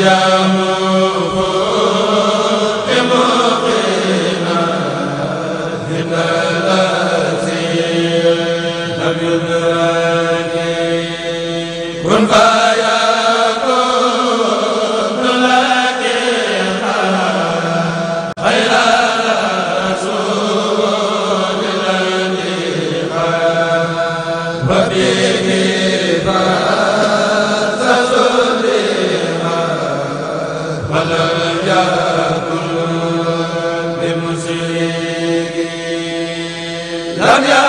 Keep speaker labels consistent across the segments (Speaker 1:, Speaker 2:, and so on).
Speaker 1: jaamu so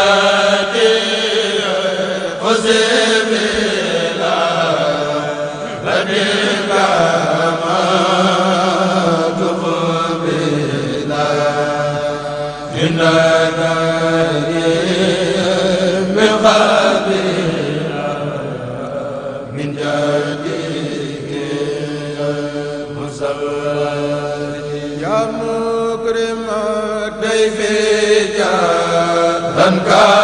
Speaker 1: ka